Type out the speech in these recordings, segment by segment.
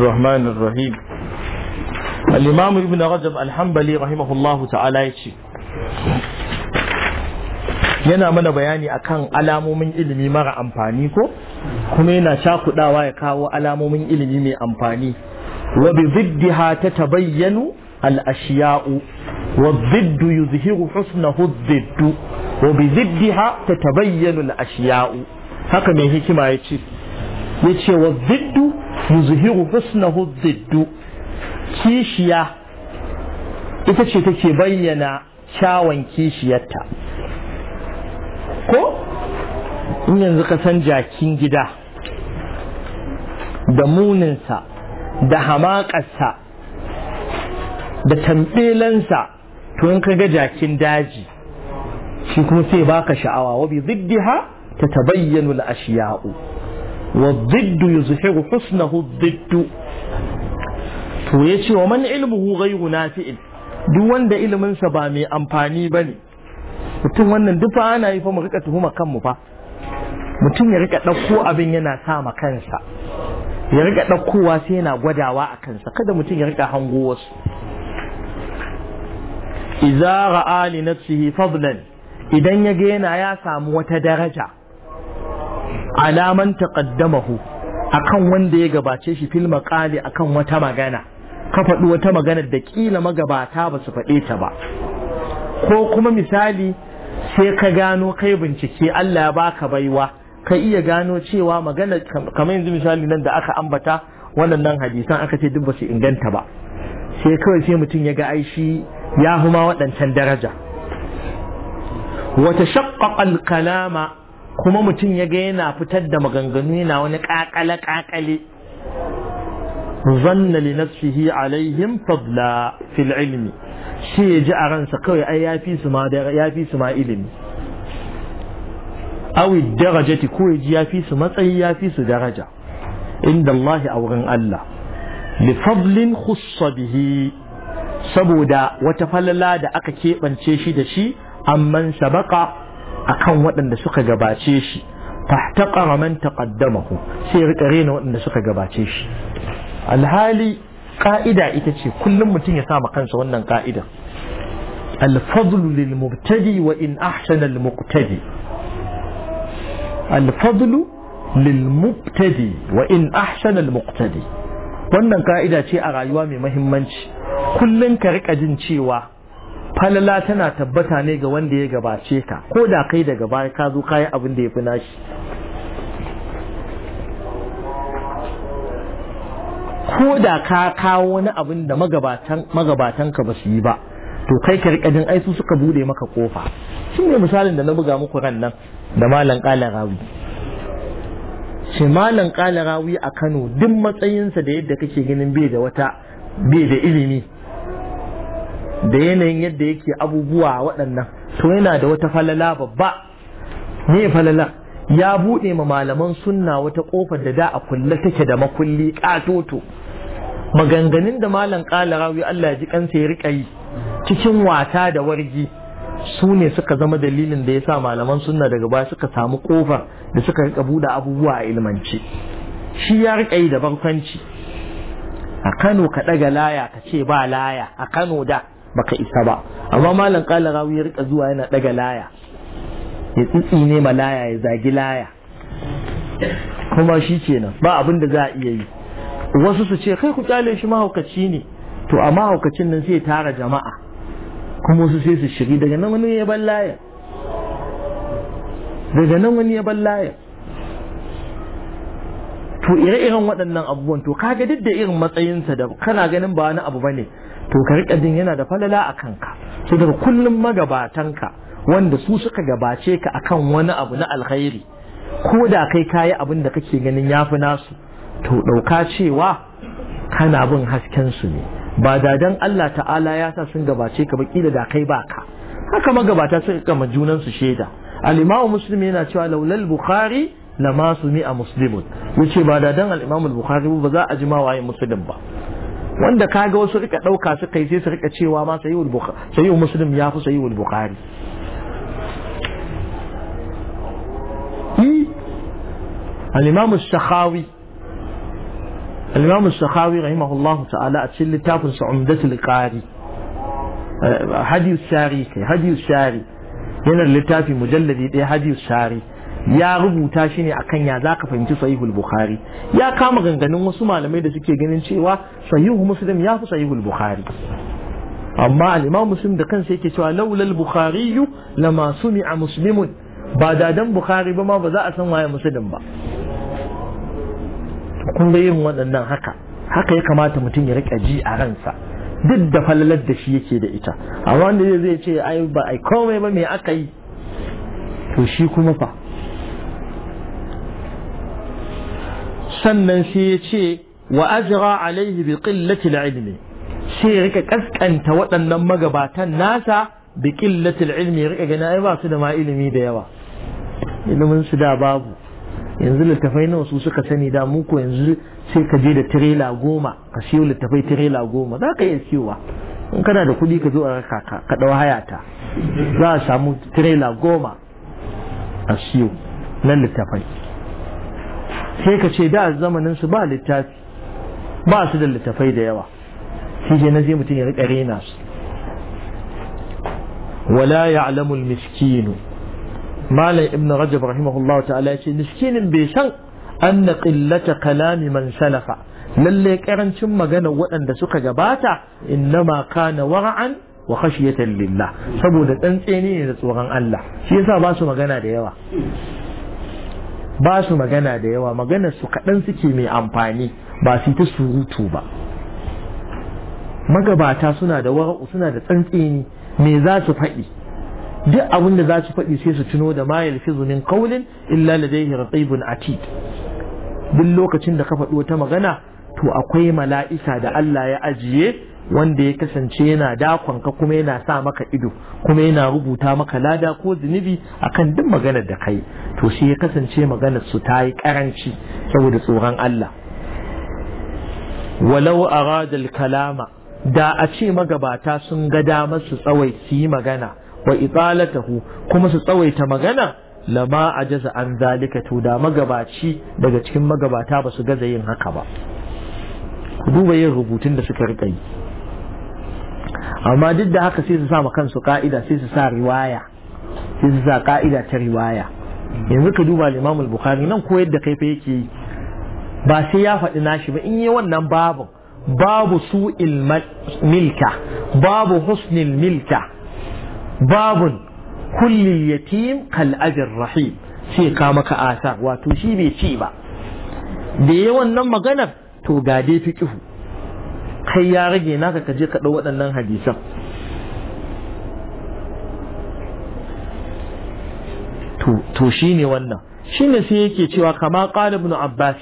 الرحمن الرحيم الإمام ابن رجب الحنبلي رحمه الله تعالى يشي yana mana bayani akan alamomin ilimi mara amfani ko kuma yana cakudawa ya kawo alamomin ilimi mai amfani wa bi ziddiha ta tabayyanu al ashiya'u wa ziddu yuzhiru husnahu ziddu wa bi ziddiha ta tabayyanu al ashiya'u haka mai hikima yace yace wa ziddu yuzhiru husnahu ziddu kishiya ita ce take bayyana kyawun kishiyarta ko in yanzu ka san jakin gida da muninsa da hamakarsa da tambelansa to kaga jakin daji shi kuma sai baka sha'awa wa bi ziddiha ta tabayyanu al والضد يظهر حسنه الضد to ya ce wa man ilmuhu ghayru nafi'in duk wanda iliminsa ba mai amfani ba ne mutum wannan duk fa ana yi fa mu rika tuhuma kanmu fa mutum ya rika ɗauko abin yana sa ma kansa ya rika ɗaukowa sai yana gwadawa a kansa kada mutum ya rika hango wasu idza ra'a li nafsihi fadlan idan ya ga yana ya samu wata daraja alaman taqaddamahu akan wanda ya gabace shi fil maqali akan wata magana ka faɗi wata magana da kila magabata ba su faɗe ta ba ko kuma misali sai ka gano kai bincike Allah ya baka baiwa ka iya gano cewa magana kamar yanzu misali nan da aka ambata wannan hadisan aka ce duk ba su inganta ba sai kawai sai mutum ya ga aishi ya huma waɗancan daraja wata shaqqaqa kalama kuma mutum ya ga yana fitar da maganganu yana wani kakale kakale zanna li nafsihi alaihim fadla fil ilmi shi ya ji a ransa kawai ai yafi su ma yafi su ma ilimi awi darajati ko ya ji yafi su matsayi yafi su daraja inda Allah a wurin Allah li fadlin khussa bihi saboda wata falala da aka keɓance shi da shi amman sabaka akan waɗanda suka gabace shi fahtaqara man taqaddamahu sai rika rena waɗanda suka gabace shi alhali ka'ida ita ce kullum mutum ya sama kansa wannan ka'ida الفضل للمبتدي وإن أحسن المقتدي الفضل للمبتدي وإن أحسن المقتدي wannan ka'ida ce a rayuwa mai mahimmanci kullum ka rika jin cewa falala tana tabbata ne ga wanda ya gabace ka ko da kai daga baya ka zo kayan abin da ya fi nashi ko da ka kawo wani abin da magabatan ka ba su yi ba to kai karkadin ai su suka bude maka kofa shi ne misalin da na buga muku ran nan da malam kala rawi shi malam kala rawi a Kano duk matsayinsa da yadda kake ganin bai da wata bai da ilimi da yanayin yadda yake abubuwa waɗannan to yana da wata falala babba ne falala ya buɗe ma malaman sunna wata ƙofar da da a kulle take da makulli ƙatoto maganganun da malam ƙala rawi Allah ji kansa ya riƙa yi cikin wata da wargi su ne suka zama dalilin da ya sa malaman sunna daga baya suka samu ƙofar da suka riƙa buɗe abubuwa a ilmance shi ya riƙa yi da barkwanci a Kano ka ɗaga laya ka ce ba laya a Kano da baka isa ba amma malam kala rawi ya rika zuwa yana daga laya ya tsitsine ma laya ya zagi laya kuma shi kenan ba abin da za a iya yi wasu su ce kai ku kyale shi mahaukaci ne to a mahaukacin nan sai tara jama'a kuma wasu sai su shiri daga nan wani ya ban laya daga nan wani ya ban laya to ire-iren waɗannan abubuwan to kaga duk da irin matsayinsa da kana ganin ba wani abu ba ne. to ka riƙa jin yana da falala a kanka so daga kullum magabatanka wanda su suka gabace ka akan wani abu na alkhairi ko da kai kayi abin da kake ganin ya fi nasu to ɗauka cewa kana bin hasken su ne ba da dan Allah ta'ala ya sa sun gabace ka ba da kai baka haka magabata sun kama junan su shaida al-imamu yana cewa laulal bukhari lama mi a muslimun yace ba da dan al-imamu bukhari ba za a jima waye muslim ba wanda kaga wasu rika ɗauka suka yi sai su rika cewa ma sayi muslim ya fi sayi bukhari الإمام السخاوي الإمام السخاوي رحمه الله تعالى أتسل تافنس عمدة القاري هدي الساري هدي الساري هنا اللتافي مجلد هدي الساري ya rubuta shi ne akan ya zaka fahimci sahihul bukhari ya kama ganganin wasu malamai da suke ganin cewa sahihu muslim ya fi sahihul bukhari amma al-imam muslim da kansa yake cewa laulal bukhari lama sumi'a muslimun ba dan bukhari ba ma ba za a san waye muslim ba kun ga yin waɗannan haka haka ya kamata mutum ya rika ji a ransa duk da falalar da shi yake da ita amma wanda zai ce ai ba ai komai ba me aka yi to shi kuma fa sannan sai ya ce wa alaihi bi qillati ilmi sai rika kaskanta waɗannan magabatan nasa bi qillati ilmi rika gani ai ba su da ma ilimi da yawa ilimin su da babu yanzu littafai nawa su suka sani da mu ko yanzu sai ka je da tirela goma ka siyo littafai tirela goma za ka iya siyowa in kana da kuɗi ka zo a raka ka ɗau haya ta za a samu tirela goma a siyo na littafai sai ka ce da zamanin su ba littafi ba su da littafai da yawa shi je na zai mutum ya riƙa rena su wala ya'lamu al-miskinu malam ibn rajab rahimahullahu ta'ala yace miskinin bai san an qillata kalami man salafa lalle karancin magana waɗanda suka gabata innama kana wara'an wa khashiyatan lillah saboda tsantseni ne da tsoron Allah shi yasa ba su magana da yawa ba su magana da yawa maganar su kaɗan suke mai amfani ba su ta surutu ba magabata suna da wara'u suna da tsantseni me za su faɗi duk abin da za su faɗi sai su tuno da mayar fizu min qawlin illa ladayhi raqibun atid duk lokacin da ka faɗi wata magana to akwai mala'ika da Allah ya ajiye wanda ya kasance yana dakon ka kuma yana sa maka ido kuma yana rubuta maka lada ko zunubi akan duk maganar da kai to shi ya kasance maganar su ta yi karanci saboda tsoron Allah walau arada kalama da a ce magabata sun ga damar su tsawai su yi magana wa itsalatahu kuma su tsawaita magana lama a jaza an zalika to da magabaci daga cikin magabata ba su gaza yin haka ba ku duba yin rubutun da suka rika yi amma duk da haka sai su sa ma kansu ka'ida sai su sa riwaya sai su sa ka'ida ta riwaya yanzu ka duba limam al-Bukhari nan ko yadda kai fa yake ba sai ya faɗi nashi ba in yi wannan babu babu su'il milka babu husnil milka babu kulli yatim kal ajr rahim sai ka maka asar wato shi bai ci ba da yawan nan maganar to ga dai fiqhu kai ya rage naka ka je ka ɗau waɗannan hadisan to shi ne wannan shi ne sai yake cewa kama ƙala ibn abbas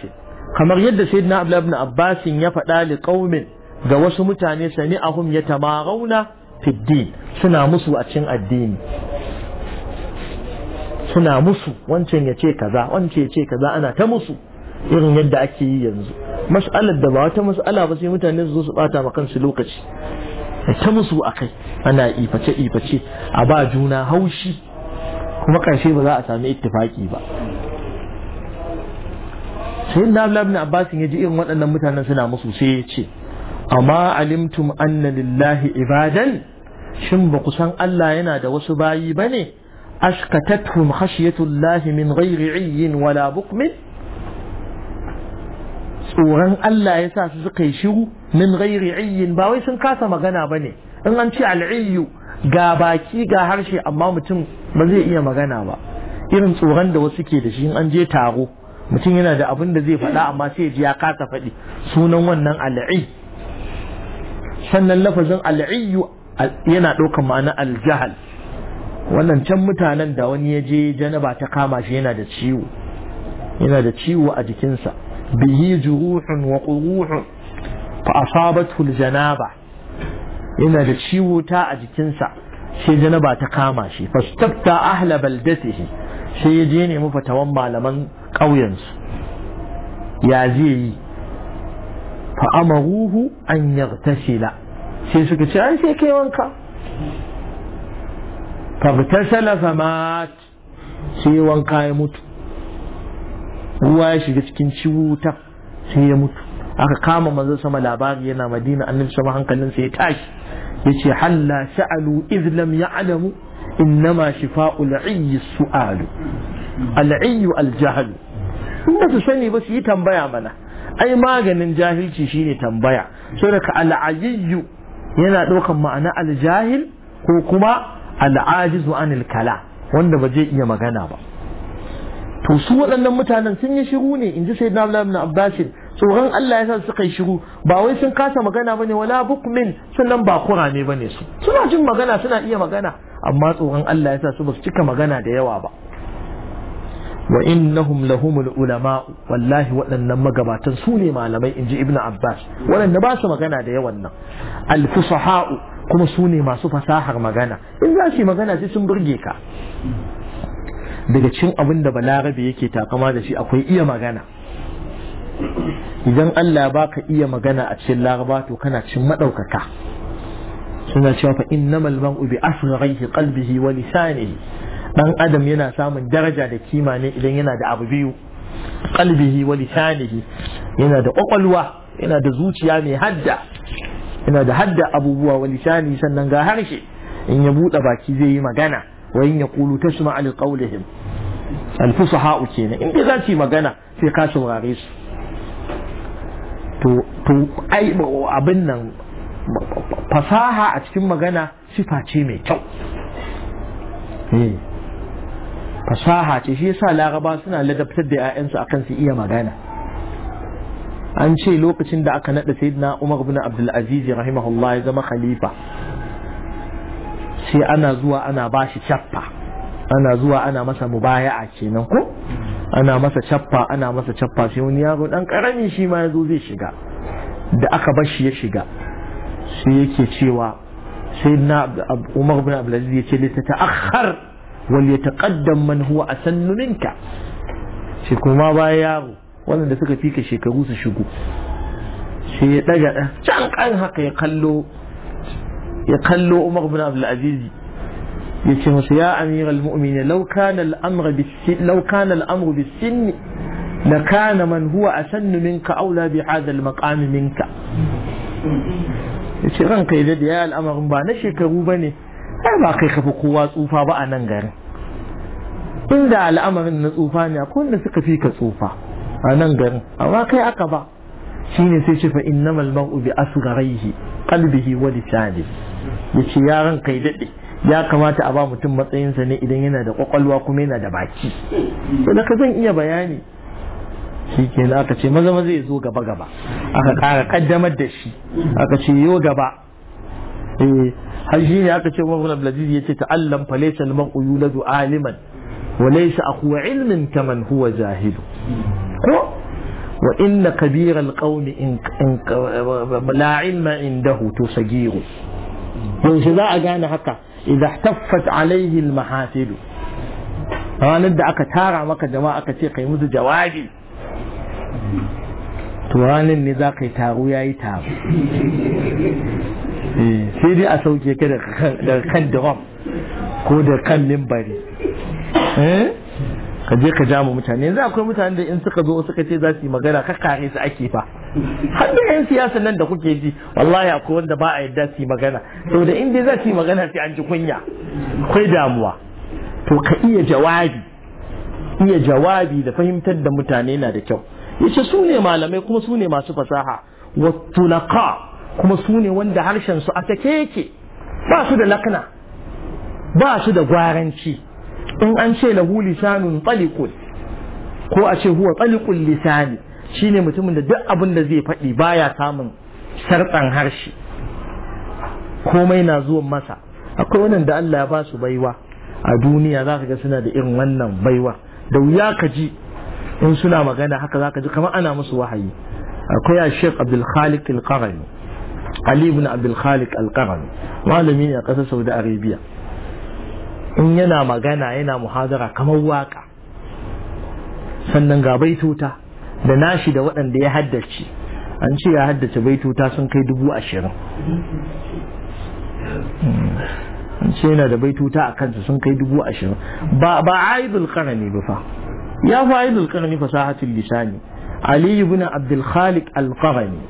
kamar yadda sayyidina abdullah ibn abbas ya faɗa li qaumin ga wasu mutane sami'ahum yatamarauna fi din suna musu a cikin addini suna musu wancan ya ce kaza wancan ya ce kaza ana ta musu irin yadda ake yi yanzu mas'alar da ba wata mas'ala ba sai mutane su zo su bata ma kansu lokaci ta musu akai ana iface iface a ba juna haushi kuma karshe ba za a sami ittifaki ba sai na ibn Abbas ya ji irin waɗannan mutanen suna musu sai ya ce amma alimtum anna lillahi ibadan shin ba ku san Allah yana da wasu bayi bane ashkatathum khashiyatullahi min ghairi 'iyyin wala bukmin tsoron Allah ya sa su suka yi shiru min gairi ayyin ba wai sun kasa magana ba ne. in an ce al'iyyu ga baki ga harshe amma mutum ba zai iya magana ba irin tsoron da wasu ke da shi in an je taro mutum yana da abin da zai faɗa amma sai ji ya kasa faɗi sunan wannan al'i sannan lafazin al'iyyu yana ɗaukar ma'ana aljahal wannan can mutanen da wani ya je janaba ta kama shi yana da ciwo yana da ciwo a jikinsa به جروح وقروح فأصابته الجنابة إن تشيو تاء أجتنسا شي جنبا تقاماشي شي فاستبتى أهل بلدته شي يجيني مفتوما لمن قوينس يا زي فأمروه أن يغتسل شي سكتشي أي شي كي وانكا فاغتسل فمات شي وانكا يموت ruwa ya shiga cikin ciwuta sai ya mutu aka kama manzo sama labari yana madina annabi sama hankalin sai ya tashi yace halla sha'alu iz lam ya'lamu innama shifa'ul 'ayy su'alu al 'ayy al jahl in ba su sani ba su yi tambaya mana ai maganin jahilci shine tambaya saboda al 'ayy yana ɗaukan ma'ana al-jahil ko kuma al-ajizu anil kala wanda ba zai iya magana ba to su waɗannan mutanen sun yi shiru ne in ji sai na ibn abbasin tsoron Allah ya sa suka yi shiru ba wai sun kasa magana bane wala bukmin sannan ba kura ne bane su suna jin magana suna iya magana amma tsoron Allah ya sa su ba su cika magana da yawa ba wa innahum lahumul ulama wallahi waɗannan magabatan su ne malamai in ji ibn abbas waɗanda ba su magana da yawan nan al kuma su ne masu fasahar magana in za su yi magana sai sun burge ka daga cin abin da balarabe yake takama da shi akwai iya magana idan Allah ba ka iya magana a cikin laraba to kana cin maɗaukaka suna cewa fa innamal ubi bi asgharihi qalbihi wa lisanihi dan adam yana samun daraja da kima ne idan yana da abu biyu qalbihi wa lisanihi yana da kwakwalwa yana da zuciya mai hadda yana da hadda abubuwa wa lisani sannan ga harshe in ya buɗe baki zai yi magana Wai ya kulu tasma'a li qawlihim al-fusaha kenan in za su magana sai ka saurare su to ai abin nan fasaha a cikin magana sifa mai kyau eh. fasaha ce shi yasa laraba suna ladabtar da 'ya'yansu kan su iya magana an ce lokacin da aka naɗa sayyidina umar bin abdulaziz rahimahullah ya zama khalifa sai ana zuwa ana ba shi cappa ana zuwa ana masa mubaya'a kenan ko ana masa cappa ana masa cappa sai wani yaro dan karami shi ma yazo zai shiga da aka bar shi ya shiga sai yake cewa sai na Umar bin Abdul Aziz yace li tata'akhkhar wal yataqaddam man huwa asannu minka shi kuma baya yaro wanda suka fika shekaru su shigo sai ya daga can kan haka ya kallo ya kallo Umar bin Abdul Aziz ya ce masa ya amiral mu'minin law kana al-amru bis-sin law kana al-amru bis-sin la kana man huwa asannu minka aula bi hadha al-maqam minka yace ranka ya da ya al'amarin ba na shekaru bane ai ba kai kafa kowa tsufa ba a nan garin inda al'amarin na tsufa ne akwai wanda suka fi ka tsufa a nan garin amma kai aka ba shine sai ce fa innamal mar'u bi asgharihi qalbihi wa lisanihi ya ce yaran kai daɗe ya kamata a ba mutum matsayinsa ne idan yana da kwakwalwa kuma yana da baki to ka zan iya bayani shi ke aka ce maza maza ya zo gaba gaba aka ƙara kaddamar da shi aka ce yo gaba eh, har shi ne aka ce Umar Abdulaziz ya ce ta'allam fa laysa al-mar'u yuladu aliman wa laysa akhu ilmin ta huwa jahilu ko wa inna kabira al-qawmi in la ilma indahu to sagiru yaushe za a gane haka idan taffat alaihi mahafilu ranar da aka tara maka jama'a aka ce kai musu jawabi to ranar ne za ka yi taro ya yi taro eh, sai dai a sauke ka da kan drum ko da kan mimbari eh, ka je ka ja mutane yanzu akwai mutane da in suka zo suka ce za su yi magana ka kare su ake fa har da yan siyasa nan da kuke ji wallahi akwai wanda ba a yadda su magana to in dai za su magana sai an ji kunya akwai damuwa to ka iya jawabi iya jawabi da fahimtar da mutane na da kyau yace su ne malamai kuma su ne masu fasaha wa kuma su ne wanda harshen su a take yake ba su da lakna ba su da gwaranci in an ce lahu lisanun talikul ko a ce huwa talikul lisani Shi ne mutumin da duk abin da zai faɗi baya samun sarƙan harshe komai na zuwan masa akwai wannan da Allah ya ba su baiwa a duniya za ka ga suna da irin wannan baiwa da wuya ka ji in suna magana haka za ka ji kamar ana musu wahayi akwai a shek abdul khalik al-qarani ali ibn abdul khalik al malami ne a ƙasar saudi arabia in yana magana yana muhadara kamar waka sannan ga baitota. da nashi da waɗanda ya haddace an ce ya haddace baituta sun kai dubu ashirin hmm. an ce yana da baituta a kansa sun kai dubu ashirin ba ba aidul karami ba fa ya fa aidul karami fasahatul lisani ali ibn abdul khaliq al qarani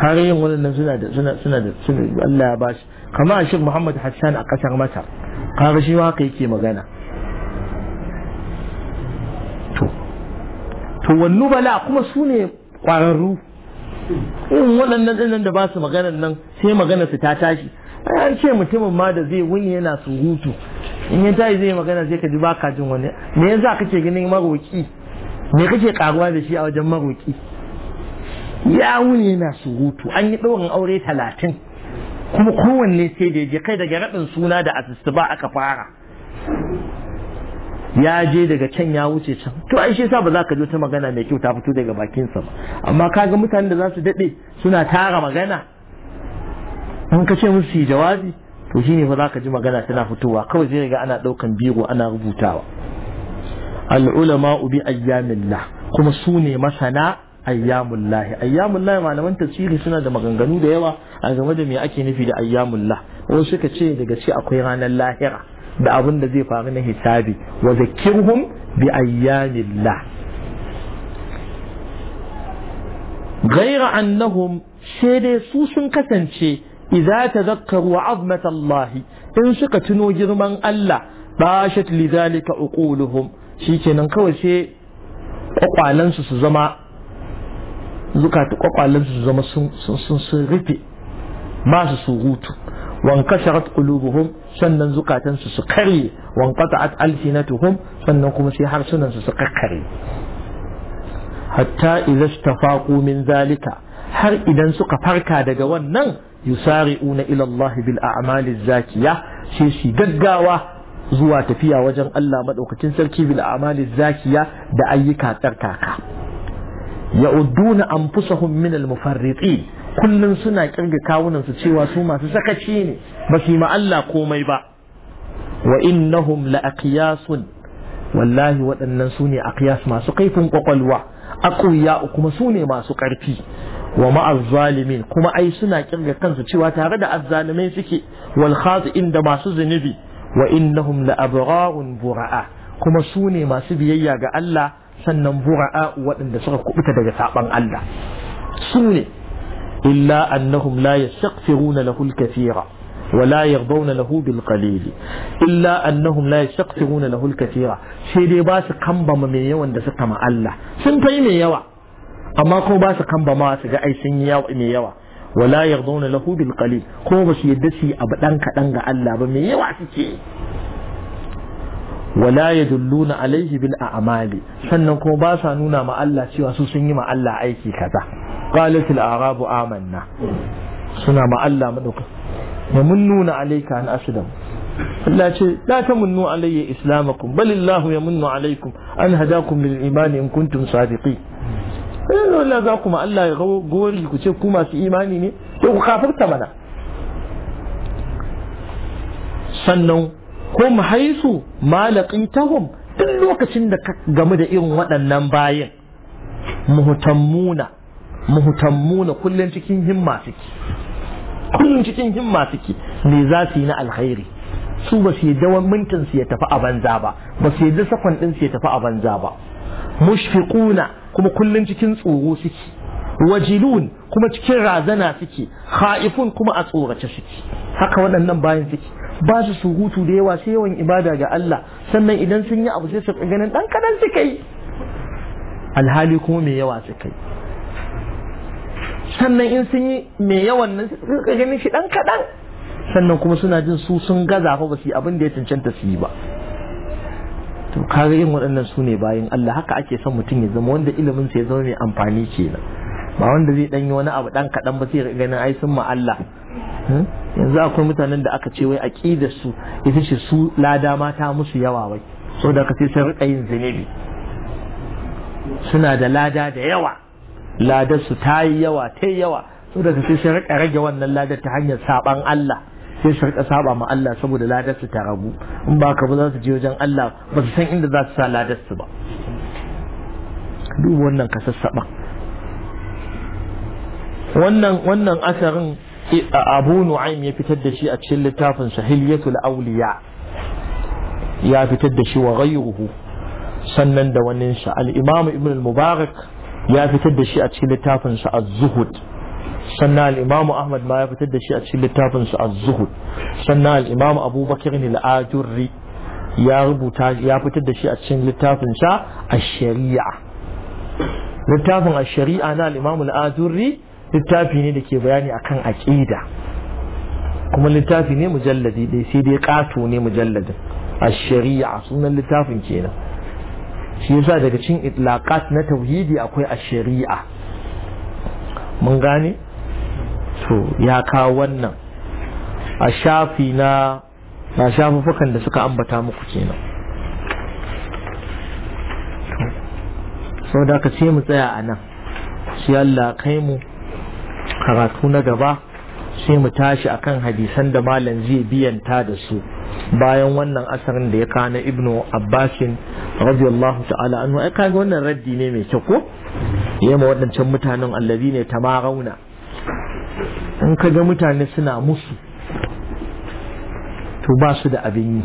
karayin wannan suna da suna suna da suna Allah ya bashi kamar Sheikh Muhammad Hassan a ƙasar Masar kaga shi haka yake magana to wannu bala kuma su ne kwararru? In waɗannan ɗinan da ba su maganar nan sai magana su ta tashi an ce mutumin ma da zai wuni yana surutu in ya tashi zai magana sai ka ji ba ka jin wani me ka ce ganin maroki me kake karuwa da shi a wajen maroki ya wuni yana surutu an yi ɗaurin aure talatin kuma kowanne sai da ya je kai daga raɗin suna da asusu ba aka fara ya je daga can ya wuce can to ai shi yasa ba za ka ji ta magana mai kyau ta fito daga bakin sa ba amma kaga mutanen da za su daɗe suna tara magana An ka ce musu jawabi to shine fa za ka ji magana tana fitowa kawai zai riga ana ɗaukan biro ana rubutawa al'ulama bi ayyamillah kuma su ne masana ayyamullahi ayyamullahi malaman tafsiri suna da maganganu da yawa a game da me ake nufi da ayyamullah wasu suka ce daga ce akwai ranar lahira da abin da zai faru na hisabi wa zakirhum bi Gaira ghayra annahum sai dai su sun kasance idza tadhakkaru azmat Allah in suka tuno girman Allah bashat lidhalika uquluhum shikenan kawai sai kwakwalansu su zama zukatu kwakwalansu su zama sun rufe masu surutu وانكسرت قلوبهم sannan zukatansu su kare wanqata'at alsinatuhum sannan kuma sai harsunan su kakkare hatta idza istafaqu min zalika har idan suka farka daga wannan yusari'una ila Allah bil a'mali zakiya sai shi gaggawa zuwa tafiya wajen Allah madaukakin sarki bil zakiya da ayyuka tsarkaka ya'udduna anfusahum min al mufarriqin kullum suna kirga kawunan su cewa su masu sakaci ne ba su yi Allah komai ba wa innahum la aqyasun wallahi waɗannan su ne aqyas masu kaifin kwakwalwa aqwiya kuma su ne masu ƙarfi wa ma'azzalimin kuma ai suna kirga kansu cewa tare da azzalimai suke wal khazi'in da masu zunubi wa innahum la abrarun bura'a kuma su ne masu biyayya ga Allah sannan bura'a waɗanda suka kubuta daga saban Allah su ne illa annahum la yastaghfiruna lahu al ولا يرضون له بالقليل إلا أنهم لا يستغفرون له الكثير sai dai ba su kambama mai yawan da suka ma sun fai mai yawa amma ko ba su kambama su ga ai sun yawa mai yawa wala yarduna lahu bil qalil ko ba su yadda su abu dan ga Allah ba mai yawa suke wala yadulluna alaihi Bil'a a'mali sannan ko ba sa nuna ma Allah cewa su sun yi ma Allah aiki kaza qalat al arabu amanna suna ma Allah madauka wa mun nuna alayka an aslam Allah ce la tamunnu alayya islamakum balillahu ya munnu alaikum an hadakum lil iman in kuntum sadiqin eh, Allah za kuma Allah ya gori ku ce ku masu imani ne sai ku kafirta mana sannan kum haisu ma laqitahum duk lokacin da ka gamu da irin waɗannan bayin muhtammuna muhtammuna kullun cikin himma suke kullun cikin himma suke me za su yi na alkhairi su ba su yadda mintin su ya tafi a banza ba ba su yadda sakon din su ya tafi a banza ba mushfiquna kuma kullun cikin tsoro suke wajilun kuma cikin razana suke kha'ifun kuma a tsorace suke haka waɗannan bayan suke ba su surutu da yawa sai yawan ibada ga Allah sannan idan sun yi abu sai su ganin dan kadan suka yi alhali kuma mai yawa suka yi sannan in sun yi mai yawan nan suka gani shi dan kaɗan sannan kuma suna jin su sun gaza fa ba su yi abin da ya cancanta su yi ba to kaga yin waɗannan su ne bayan Allah haka ake son mutum ya zama wanda ilimin sa ya zama mai amfani kenan ba wanda zai dan yi wani abu dan kadan ba sai ganin ai sun ma Allah hmm? yanzu akwai mutanen da aka ce wai aqidar su ita ce su lada mata musu yawa wai saboda ka sai sun rika yin zinubi suna da lada da yawa ladar su ta yi yawa ta yi yawa saboda sai shi rika rage wannan ladar ta hanyar saban Allah sai su rika saba ma Allah saboda ladar ta ragu in ba ka za su je wajen Allah ba su san inda za su sa ladarsu ba duk wannan ka sassaba wannan wannan asarin eh, Abu Nu'aym ya fitar da shi a cikin littafin Sahiliyatul Awliya ya fitar da shi wa ghayruhu sannan da waninsa al-Imam Ibn al-Mubarak ya fitar da shi a cikin littafin su a zuhud sannan al ahmad ma ya fitar da shi a cikin littafin su a zuhud sannan al abubakar ne ajurri ya rubuta ya fitar da shi a cikin littafin sa ash-shari'a littafin ash-shari'a na al-imamu littafi ne da ke bayani akan aqida kuma littafi ne mujalladi dai sai dai kato ne mujalladin ash-shari'a sunan littafin kenan shi yasa daga cin itlaqat na tauhidi akwai a shari'a mun gane to ya kawo wannan a shafi na na shafuffukan da suka ambata muku kenan sau da ka ce mu tsaya a nan shi Allah kai mu karatu na gaba sai mu tashi akan hadisan da malam zai biyanta da su bayan wannan asarin da ya kana ibnu abbasin radiyallahu ta'ala anhu ai kaga wannan raddi ne mai kyau ko yema waɗancan mutanen allazi ne tamarauna in ka ga mutane suna musu to ba su da abin yi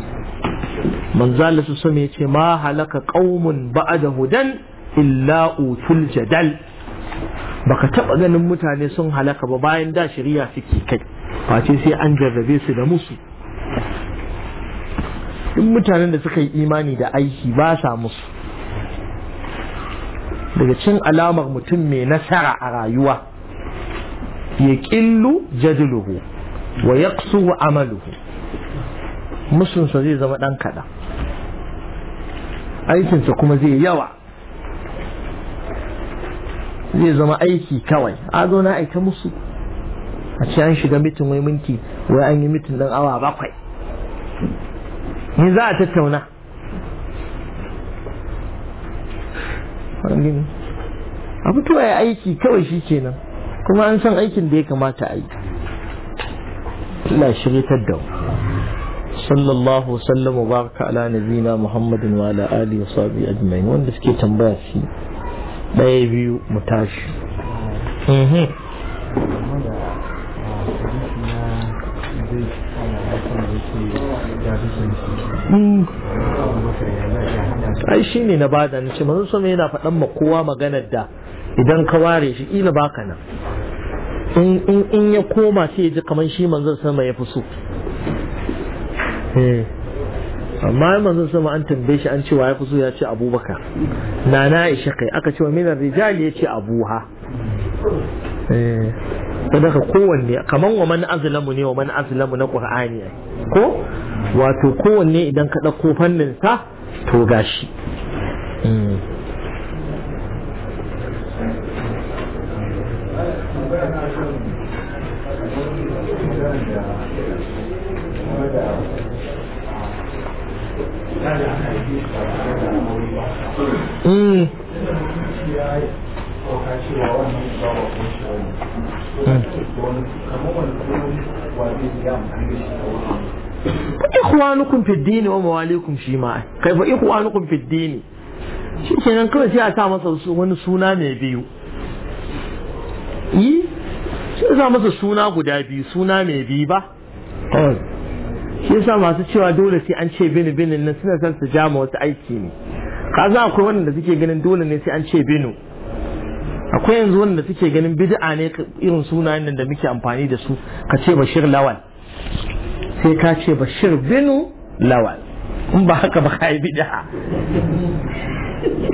manzala su so ya ce ma halaka qaumun ba'da hudan illa utul jadal baka taba ganin mutane sun halaka ba bayan da shari'a suke kai face sai an jarrabe su da musu in mutanen da suka yi imani da aiki ba sa musu daga cin alamar mutum mai nasara a rayuwa ya ƙillu jadiluhu wa ya amaluhu musunsa zai zama ɗan kaɗa aikinsa kuma zai yawa zai zama aiki kawai a zo na aika musu a ce an shiga mitin wai minti wai an yi mitin ɗan awa bakwai ni za a tattauna a fito ya aiki kawai shi kenan kuma an san aikin da ya kamata a yi Allah da sallallahu wasallam wa baraka ala nabina muhammadin wa ala alihi wa sahbihi wanda suke tambaya shi daya biyu mu tashi mhm. Mm. ai shi ne na bada ni ce manzo sami yana faɗan ma kowa maganar da idan ka ware shi ƙila baka nan in ya koma sai ya ji kamar shi manzo sama ya fi so eh. amma manzo sama an tambaye shi an ce wa ya fi so ya ce abubakar na na ishe kai aka ce wa minar rijali ya ce abuha eh. daga kowanne kamar wa man azlamu ne wa man azlamu na ƙur'ani ko wato kowanne idan ka ɗauko fannin sa to gashi Mm. mm. mm. ikhwanukum fi dini wa mawalikum shi ma kai fa ikhwanukum fi dini shi kenan kawai sai a sa masa wani suna mai biyu yi sai a sa masa suna guda biyu suna mai biyu ba shi yasa masu cewa dole sai an ce binu binin nan suna san su jama wasu aiki ne Ka za akwai wanda suke ganin dole ne sai an ce binu akwai yanzu wanda suke ganin bid'a ne irin sunayen da muke amfani da su ka ce bashir lawal sai ka ce bashir binu lawal in ba haka ba ka yi bid'a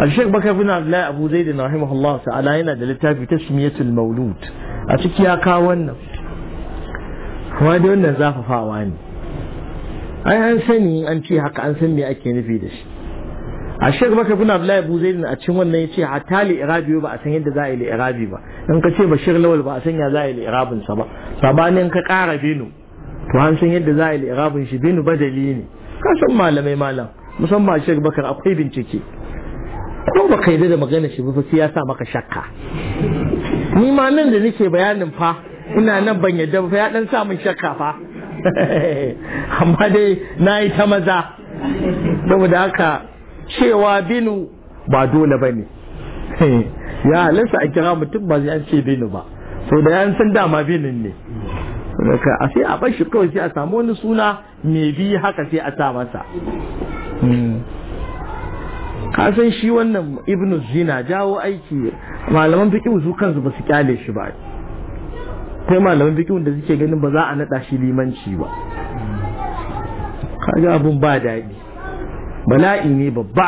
al-shaykh bakar bin abdullahi abu zaid rahimahullah ta'ala yana da littafi tasmiyatul maulud a ciki ya kawo wannan kuma da wannan zafafawa ne ai an sani an ce haka an san me ake nufi da shi a shek baka bin abdullahi abu zaidin a cikin wannan yace hatta li irabi ba a san yadda za a yi li irabi ba in ka ce bashir lawal ba a san ya za a yi li irabin sa ba sabanin ka kara binu to an san yadda za a yi irabin shi binu badali ne ka san malamai malam musamman shi bakar akwai bincike ko ba ka da magana shi ba sai ya sa maka shakka ni ma nan da nake bayanin fa ina nan ban yadda ba ya dan samun shakka fa amma dai na yi ta maza saboda haka cewa binu ba dole ba ne ya halarsa a kira mutum ba zai an ce binu ba so da yan san dama binin ne Saka a sai a bar kawai sai a samu wani suna mai bi haka sai a sa masa hmm. ka san shi wannan Ibnus zina jawo aiki malaman fiqh su kansu ba su kyale shi ba kai malaman fiqh da suke ganin ba za a nada shi limanci ba kaga abun ba daɗi bala'i ne babba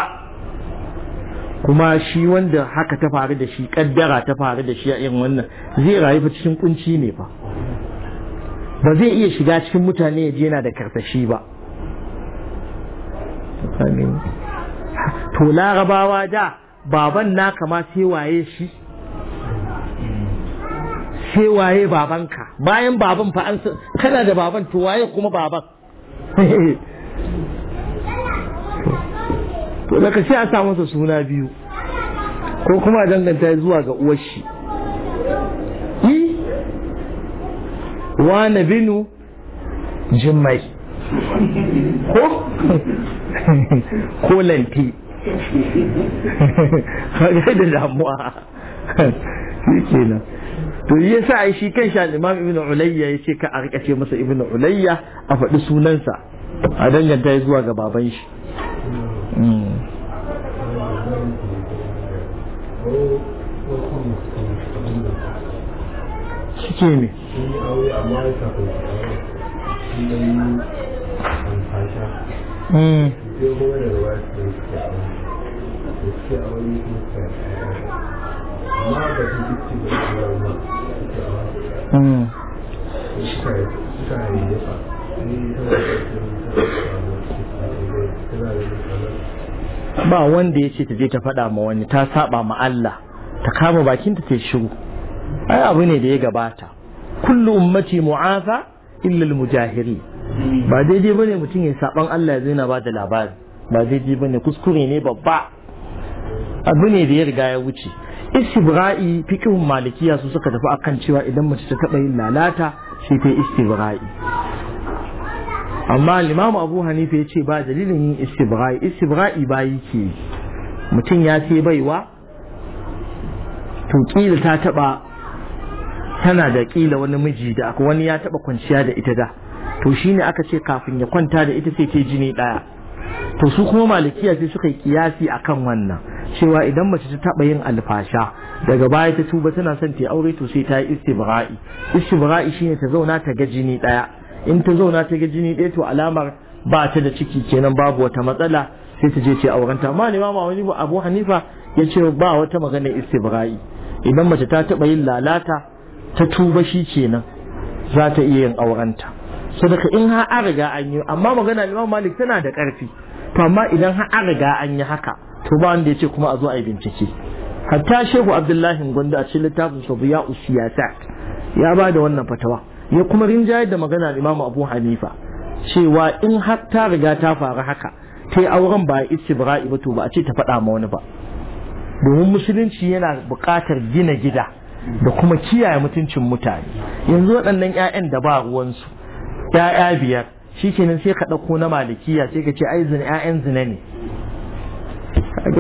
kuma shi wanda haka ta faru da shi kaddara ta faru da shi a yin wannan zai rayu fa cikin kunci ne fa ba zai iya shiga cikin mutane ya je yana da karsashi ba to larabawa da baban na kama sai waye shi sai waye babanka bayan baban fa an kana da baban to waye kuma baban to daga sai a sa masa suna biyu ko kuma danganta zuwa ga uwar shi wane binu jimmai ko ko lanti da damuwa shi kenan to yasa ai shi kan sha imam ibn ulayya yace ka a rikace masa ibn ulayya a faɗi sunansa a danganta zuwa ga baban shi hmm. shi ne ba wanda ya ce ta je ta fada ma wani ta saba ma Allah ta kama bakinta ta shiru ai abu ne da ya gabata kullu ummati mu'afa illa al-mujahiri ba daidai bane mutum ya saban Allah zai na bada labari ba daidai bane kuskure ne babba abu ne da ya riga ya wuce istibra'i fiqhun malikiya su suka tafi akan cewa idan mace ta taba yin lalata sai ta istibra'i amma limamu abu hanifa ya ce ba dalilin yin istibra'i istibra'i bayi ke mutum ya sai baiwa to kila ta taba tana da kila wani miji da aka wani ya taɓa kwanciya da ita da to shine aka ce kafin ya kwanta da ita sai ta jini ɗaya to su kuma malikiya sai suka yi kiyasi akan wannan cewa idan mace ta taba yin alfasha daga baya ta tuba tana son ta yi aure to sai ta yi istibra'i istibra'i shine ta zauna ta ga jini ɗaya in ta zauna ta ga jini ɗaya to alamar ba ta da ciki kenan babu wata matsala sai ta je ce aurenta amma ne ma wani Abu Hanifa ya ce ba wata magana istibra'i idan mace ta taɓa yin lalata ta tuba shi kenan za ta iya yin aurenta sadaka in ha an riga an yi amma magana limam Malik tana da ƙarfi to amma idan ha an riga an yi haka to ba wanda ya ce kuma a zo a yi bincike hatta Shehu Abdullahi Gondo a cikin littafin sa Usiyata ya ba da wannan fatawa ya kuma rinjayar da magana limam Abu Hanifa cewa in har ta riga ta faru haka ta yi auren ba istibra'i ba to ba a ce ta faɗa ma wani ba domin musulunci yana buƙatar gina gida da kuma kiyaye mutuncin mutane yanzu waɗannan 'ya'yan da ba ruwansu 'ya'ya biyar shi kenan sai ka ɗauko na malikiya sai ka ce ai zina 'ya'yan zina ne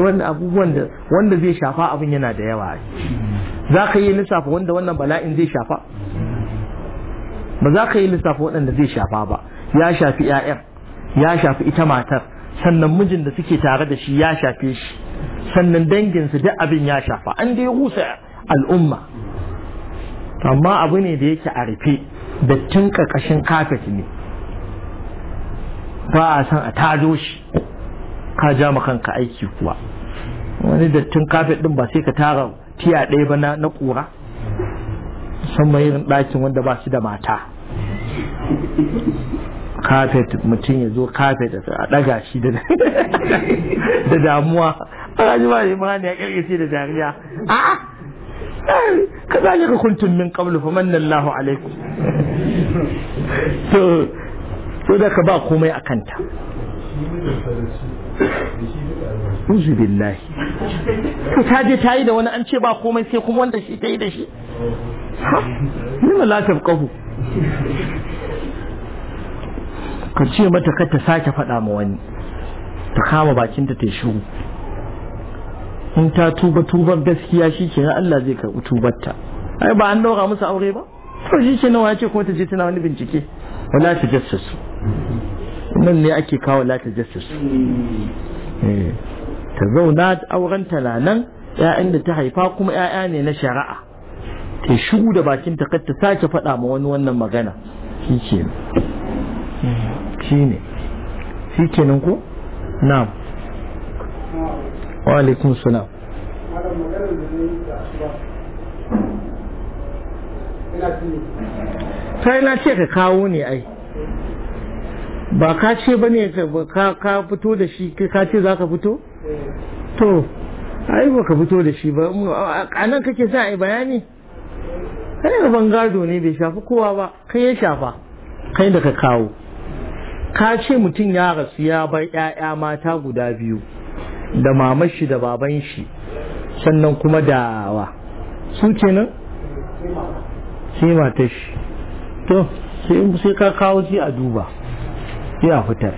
wanda abubuwan da wanda zai shafa abin yana da yawa za ka yi lissafa wanda wannan bala'in zai shafa ba za ka yi lissafa waɗanda zai shafa ba ya shafi 'ya'yan ya shafi ita matar sannan mijin da suke tare da shi ya shafe shi sannan danginsu duk abin ya shafa an dai husa. al'umma amma abu ne da yake a rufe dattin ƙarƙashin kafet ne ba a san a tado shi ka ja kanka aiki kuwa wani dattin kafet ɗin ba sai ka tara tiya ɗaya ba na ƙura musamman irin ɗakin wanda ba shi da mata kafet mutum ya zo kafet a ɗaga shi da damuwa a rajima da imani ya ƙirƙirce da dariya kazalika kuntum min qablu famanna Allahu alaikum to to da ba komai a kanta uzu billahi to ta je ta da wani an ce ba komai sai kuma wanda shi ta da shi nima ka ce mata kar ta sake faɗa ma wani ta kama bakinta ta yi shiru in ta tuba tubar gaskiya shi ke Allah zai karɓi tubarta ai ba an dauka musu aure ba to shi ke nawa ya ce kuma ta je tana wani bincike wala ta jassasu nan ne ake kawo la ta jassasu eh, ta zauna auren nan ‘ya'yan da ta haifa kuma ‘ya'ya ne na shari'a ta shigo da bakin ta ta sake faɗa ma wani wannan magana shi ke hmm, shi ne shi nan ko na'am wa السلام salam sai na ce ka kawo ne ai ba ka ce ba ne ka fito da shi ka ce za ka fito? to ai ba ka fito da shi ba a nan kake sa ai bayani kai ban gado ne bai shafi kowa ba kai ya shafa kai da ka kawo ka ce mutum ya rasu ya bar 'ya'ya mata guda biyu da maman shi da baban shi sannan kuma dawa su ce kenan sai matar shi to sai sai ka kawo shi a duba ya fitar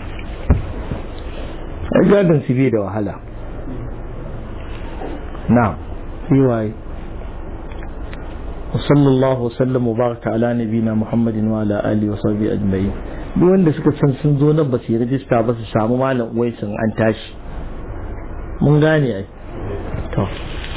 gadon su bai da wahala na sai waye وصلى الله ala nabina على نبينا محمد وعلى اله وصحبه اجمعين duk wanda suka san sun zo nan ba su yi rajista ba su samu malam uwaisin an tashi 蒙干你，好。